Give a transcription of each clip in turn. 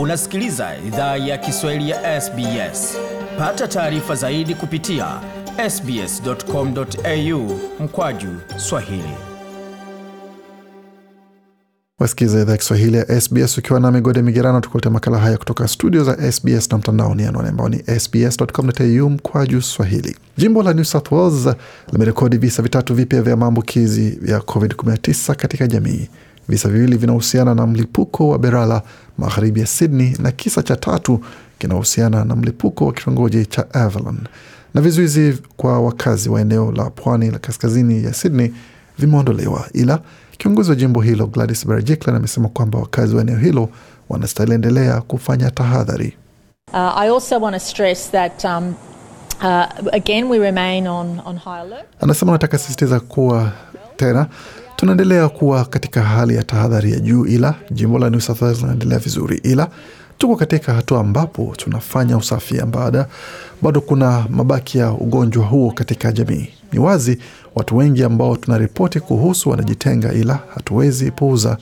Unasikiliza idhaa ya Kiswahili ya SBS. Pata taarifa zaidi kupitia sbs.com.au mkwaju swahili. Wasikiliza idhaa ya Kiswahili ya SBS ukiwa na migode migerano, tukulete makala haya kutoka studio za SBS na mtandaoni, anaone ambao ni sbs.com.au mkwaju swahili. Jimbo la New South Wales limerekodi visa vitatu vipya vya maambukizi ya COVID-19 katika jamii Visa viwili vinahusiana na mlipuko wa Berala magharibi ya Sydney, na kisa cha tatu kinahusiana na mlipuko wa kitongoji cha Avalon. Na vizuizi kwa wakazi wa eneo la pwani la kaskazini ya Sydney vimeondolewa, ila kiongozi wa jimbo hilo Gladys Berejiklian amesema kwamba wakazi wa eneo hilo wanastahili endelea kufanya tahadhari. Uh, um, uh, again we remain on, on high alert. Anasema anataka sisitiza kuwa tena Tunaendelea kuwa katika hali ya tahadhari ya juu, ila jimbo la New South Wales linaendelea vizuri, ila tuko katika hatua ambapo tunafanya usafi ya baada. Bado kuna mabaki ya ugonjwa huo katika jamii. Ni wazi watu wengi ambao tunaripoti kuhusu wanajitenga, ila hatuwezi puuza.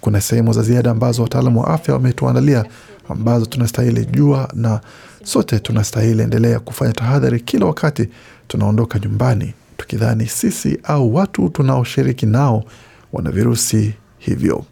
Kuna sehemu za ziada ambazo wataalamu wa afya wametuandalia ambazo tunastahili jua, na sote tunastahili endelea kufanya tahadhari kila wakati tunaondoka nyumbani tukidhani sisi au watu tunaoshiriki nao wana virusi hivyo.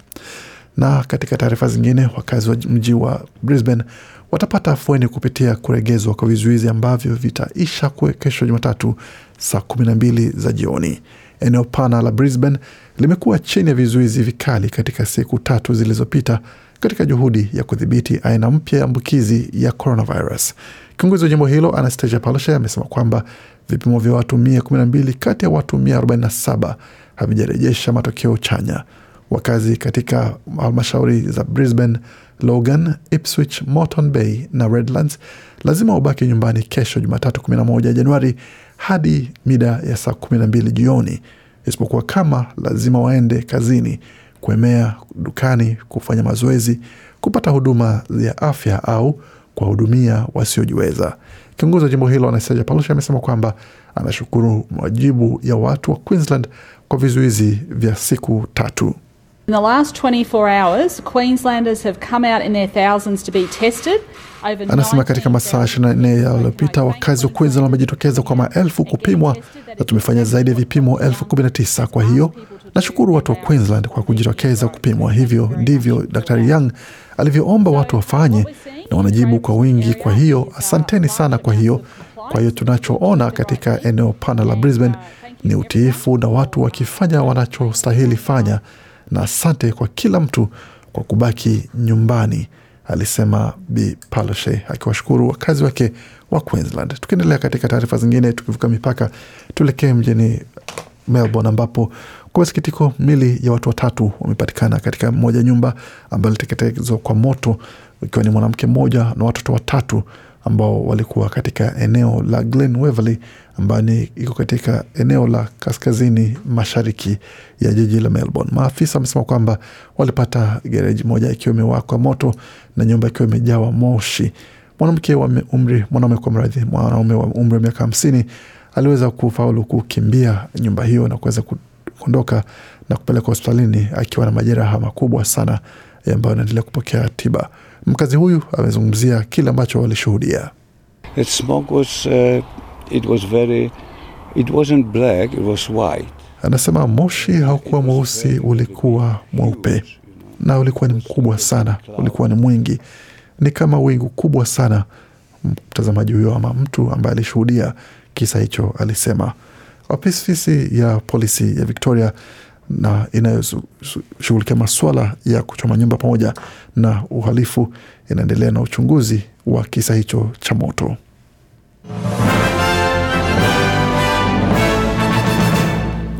Na katika taarifa zingine, wakazi wa mji wa Brisbane watapata afueni kupitia kuregezwa kwa vizuizi ambavyo vitaisha kesho Jumatatu saa kumi na mbili za jioni. Eneo pana la Brisbane limekuwa chini ya vizuizi vikali katika siku tatu zilizopita katika juhudi ya kudhibiti aina mpya ya ambukizi ya coronavirus. Kiongozi wa jimbo hilo Anastasia Palaszczuk amesema kwamba vipimo vya watu 112 kati ya watu 147 havijarejesha matokeo chanya. Wakazi katika halmashauri za Brisbane, Logan, Ipswich, Moreton Bay na Redlands lazima ubaki nyumbani kesho Jumatatu 11 Januari hadi mida ya saa 12 jioni, isipokuwa kama lazima waende kazini kuemea dukani, kufanya mazoezi, kupata huduma ya afya au kuwahudumia wasiojiweza. Kiongozi wa jimbo hilo Anastasia Palushi amesema kwamba anashukuru majibu ya watu wa Queensland kwa vizuizi vya siku tatu. Anasema katika masaa 24 yaliyopita wakazi wa Queensland wamejitokeza kwa maelfu kupimwa, na tumefanya zaidi ya vipimo elfu 19. Kwa hiyo Nashukuru watu wa Queensland kwa kujitokeza kupimwa. Hivyo ndivyo Daktari Young alivyoomba watu wafanye, na wanajibu kwa wingi. Kwa hiyo asanteni sana. Kwa hiyo kwa hiyo tunachoona katika eneo pana la Brisbane ni utiifu na watu wakifanya wanachostahili fanya, na asante kwa kila mtu kwa kubaki nyumbani, alisema Bi Palaszczuk akiwashukuru wakazi wake wa Queensland. Tukiendelea katika taarifa zingine, tukivuka mipaka, tuelekee mjini Melbourne ambapo kwa masikitiko, mili ya watu watatu wamepatikana katika moja nyumba ambayo iliteketezwa kwa moto, ikiwa ni mwanamke mmoja na watoto watatu ambao walikuwa katika eneo la Glen ambayo ni iko katika eneo la kaskazini mashariki ya jiji la Melbourne. Maafisa wamesema kwamba walipata gereji moja ikiwa imewakwa moto na nyumba ikiwa imejawa moshi. Mwanamke wa umri mwanaume kwa mradhi, mwanaume wa umri wa miaka hamsini aliweza kufaulu kukimbia nyumba hiyo na kuweza kuondoka na kupelekwa hospitalini akiwa na majeraha makubwa sana ambayo anaendelea kupokea tiba. Mkazi huyu amezungumzia kile ambacho walishuhudia. Uh, Anasema moshi haukuwa mweusi, ulikuwa mweupe na ulikuwa ni mkubwa sana, ulikuwa ni mwingi, ni kama wingu kubwa sana. Mtazamaji huyo ama mtu ambaye alishuhudia kisa hicho alisema. Ofisi ya polisi ya Victoria na inayoshughulikia maswala ya kuchoma nyumba pamoja na uhalifu inaendelea na uchunguzi wa kisa hicho cha moto.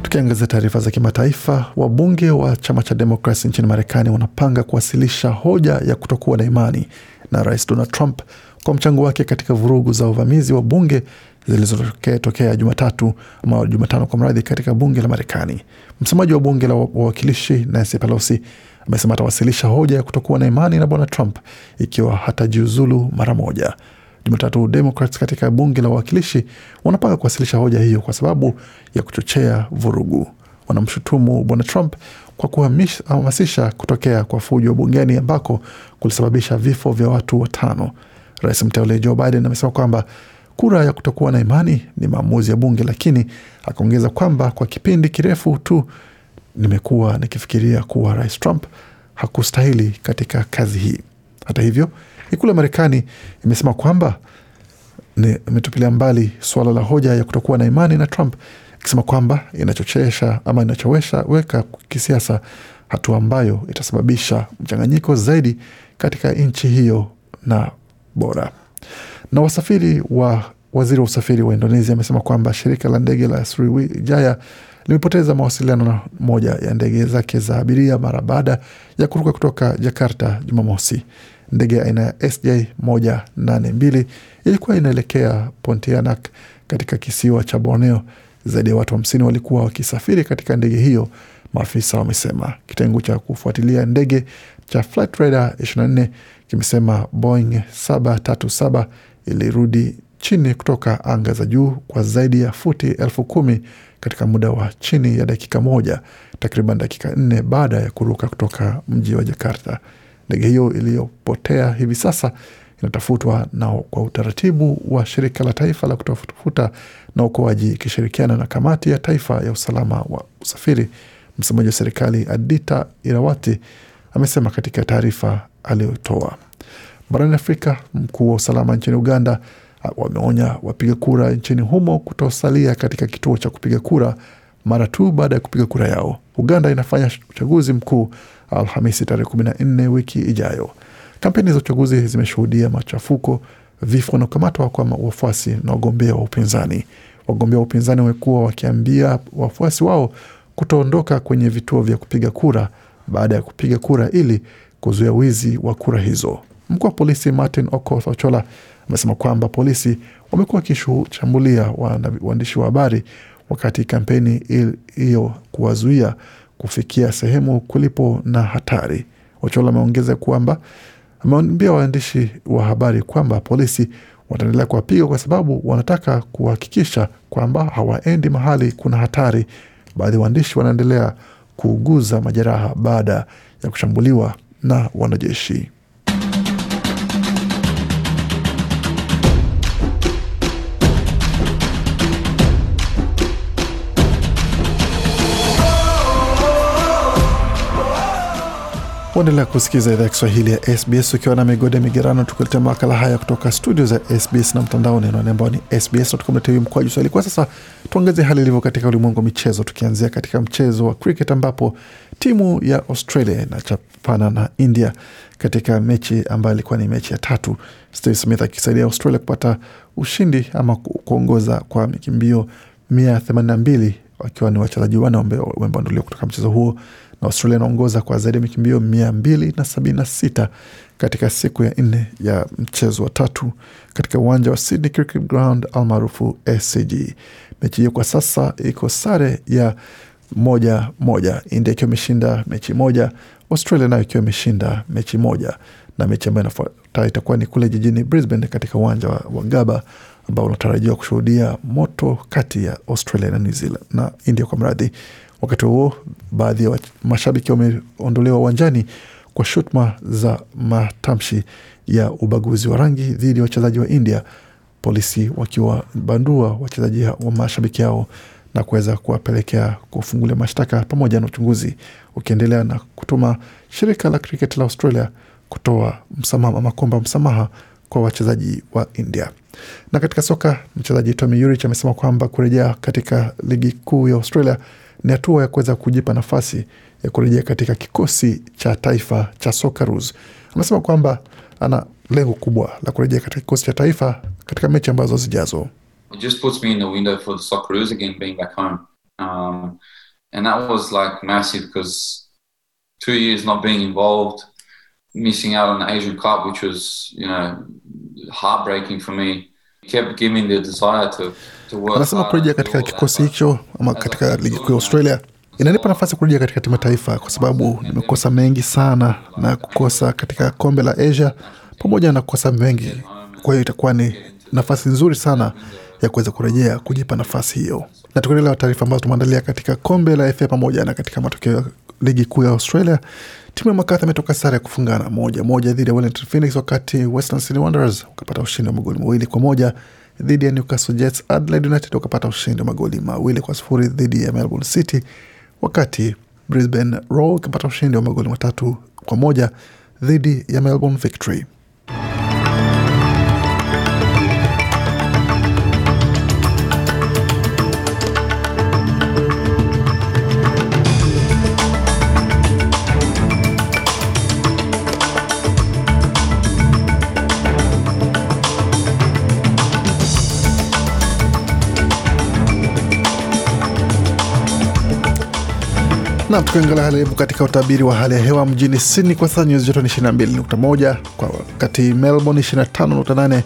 Tukiangazia taarifa za kimataifa, wabunge wa chama cha Demokrasi nchini Marekani wanapanga kuwasilisha hoja ya kutokuwa na imani na Rais Donald Trump kwa mchango wake katika vurugu za uvamizi wa bunge zilizotokea Jumatatu ama Jumatano kwa mradhi katika bunge la Marekani. Msemaji wa bunge la wawakilishi Nancy Pelosi amesema atawasilisha hoja ya kutokuwa na imani na bwana Trump ikiwa hatajiuzulu mara moja. Jumatatu, Democrats katika bunge la wawakilishi wanapanga kuwasilisha hoja hiyo kwa sababu ya kuchochea vurugu. Wanamshutumu bwana Trump kwa kuhamasisha kutokea kwa fujo bungeni ambako kulisababisha vifo vya watu watano. Rais mteule Joe Biden amesema kwamba kura ya kutokuwa na imani ni maamuzi ya bunge, lakini akaongeza kwamba kwa kipindi kirefu tu nimekuwa nikifikiria kuwa Rais Trump hakustahili katika kazi hii. Hata hivyo, ikulu ya Marekani imesema kwamba imetupilia mbali suala la hoja ya kutokuwa na imani na Trump, ikisema kwamba inachochesha ama inachowesha weka kisiasa, hatua ambayo itasababisha mchanganyiko zaidi katika nchi hiyo na bora. Na wasafiri wa waziri wa usafiri wa Indonesia amesema kwamba shirika la ndege la Sriwijaya limepoteza mawasiliano na moja ya ndege zake za abiria mara baada ya kuruka kutoka Jakarta Jumamosi. Ndege aina ya SJ 182 ilikuwa inaelekea Pontianak katika kisiwa cha Borneo. Zaidi ya watu hamsini wa walikuwa wakisafiri katika ndege hiyo, maafisa wamesema. Kitengo cha kufuatilia ndege cha 24 kimesema Boeing 737 ilirudi chini kutoka anga za juu kwa zaidi ya futi elfu kumi katika muda wa chini ya dakika moja, takriban dakika nne baada ya kuruka kutoka mji wa Jakarta. Ndege hiyo iliyopotea hivi sasa inatafutwa na kwa utaratibu wa shirika la taifa la kutafuta na uokoaji ikishirikiana na kamati ya taifa ya usalama wa usafiri. Msemaji wa serikali Adita Irawati amesema katika taarifa aliyotoa. Barani Afrika, mkuu wa usalama nchini Uganda wameonya wapiga kura nchini humo kutosalia katika kituo cha kupiga kura mara tu baada ya kupiga kura yao. Uganda inafanya uchaguzi mkuu Alhamisi tarehe kumi na nne wiki ijayo. Kampeni za uchaguzi zimeshuhudia machafuko, vifo na kukamatwa kwa wafuasi na wagombea wa upinzani. Wagombea wa upinzani wamekuwa wakiambia wafuasi wao kutoondoka kwenye vituo vya kupiga kura baada ya kupiga kura ili kuzuia wizi wa kura hizo. Mkuu wa polisi Martin Okoth Ochola amesema kwamba polisi wamekuwa wakishambulia waandishi wa habari wakati kampeni hiyo kuwazuia kufikia sehemu kulipo na hatari. Ochola ameongeza kwamba ameambia waandishi wa habari kwamba polisi wataendelea kuwapiga kwa sababu wanataka kuhakikisha kwamba hawaendi mahali kuna hatari. Baadhi ya waandishi wanaendelea kuuguza majeraha baada ya kushambuliwa na wanajeshi. Waendelea kusikiza idhaa ya Kiswahili ya SBS ukiwa na migode migerano, tukuletea makala haya kutoka studio za SBS na mtandaoni anaone ambao ni sbs.com.au mkwaju swahili. Kwa sasa tuangazie hali ilivyo katika ulimwengu wa michezo, tukianzia katika mchezo wa cricket ambapo timu ya Australia inachapana na India katika mechi ambayo ilikuwa ni mechi ya tatu, Steve Smith akisaidia Australia kupata ushindi ama kuongoza kwa mikimbio mia themanini na mbili wakiwa ni wachezaji wanne wamebanduliwa kutoka mchezo huo na Australia inaongoza kwa zaidi ya mikimbio mia mbili na sabini na sita katika siku ya nne ya mchezo wa tatu katika uwanja wa Sydney Cricket Ground almaarufu SCG. Mechi hiyo kwa sasa iko sare ya moja moja, India ikiwa imeshinda mechi moja, Australia nayo ikiwa imeshinda mechi moja, na mechi ambayo inafuata itakuwa ni kule jijini Brisbane katika uwanja wa, wa Gabba ambao unatarajiwa kushuhudia moto kati ya Australia na New Zealand na India kwa mradhi. Wakati huo baadhi ya mashabiki wameondolewa uwanjani kwa shutuma za matamshi ya ubaguzi wa rangi dhidi ya wachezaji wa India, polisi wakiwabandua wachezaji wa mashabiki hao na kuweza kuwapelekea kufungulia mashtaka pamoja na uchunguzi ukiendelea na kutuma shirika la kriketi la Australia kutoa msamaha ama kuomba msamaha kwa wachezaji wa India. Na katika soka, mchezaji Tommy Yurich amesema kwamba kurejea katika ligi kuu ya Australia ni hatua ya kuweza kujipa nafasi ya kurejea katika kikosi cha taifa cha Socceroos. Amesema kwamba ana lengo kubwa la kurejea katika kikosi cha taifa katika mechi ambazo zijazo. Um, like massive two years not being involved missing out on the Asian Cup, which was you know heartbreaking for me. Anasema kurejea katika kikosi hicho ama katika ligi kuu ya Australia inanipa nafasi kurejea katika timu taifa, kwa sababu nimekosa mengi sana na kukosa katika kombe la Asia pamoja na kukosa mengi. Kwa hiyo itakuwa ni nafasi nzuri sana ya kuweza kurejea kujipa nafasi hiyo. Na tukiendelea na taarifa ambazo tumeandalia katika kombe la FA pamoja na katika matokeo ya ligi kuu ya Australia, timu ya Makadha imetoka sare ya kufungana moja moja dhidi ya Wellington Phoenix, wakati Western Sydney Wanderers ushindi wa magoli mawili kwa moja dhidi ya Newcastle Jets. Adelaide United ushindi wa magoli mawili kwa sufuri dhidi ya Melbourne City, wakati Brisbane Roar ushindi wa magoli matatu kwa moja dhidi ya Melbourne Victory. na tukiangalia hali hivu katika utabiri wa hali ya hewa mjini Sydney kwa sasa nyuzi joto ni 22.1, kwa wakati Melbourne 25.8,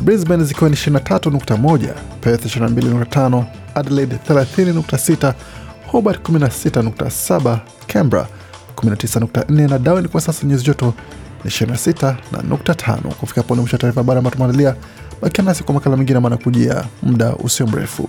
Brisbane zikiwa ni 23.1, Perth 22.5, Adelaide 30.6, Hobart 16.7, Canberra 19.4 na Darwin kwa sasa nyuzi joto ni 26 na Kufika pone mwisho wa taarifa habari ambayo tumeandalia. Bakia nasi kwa makala mengine maana kujia muda usio mrefu.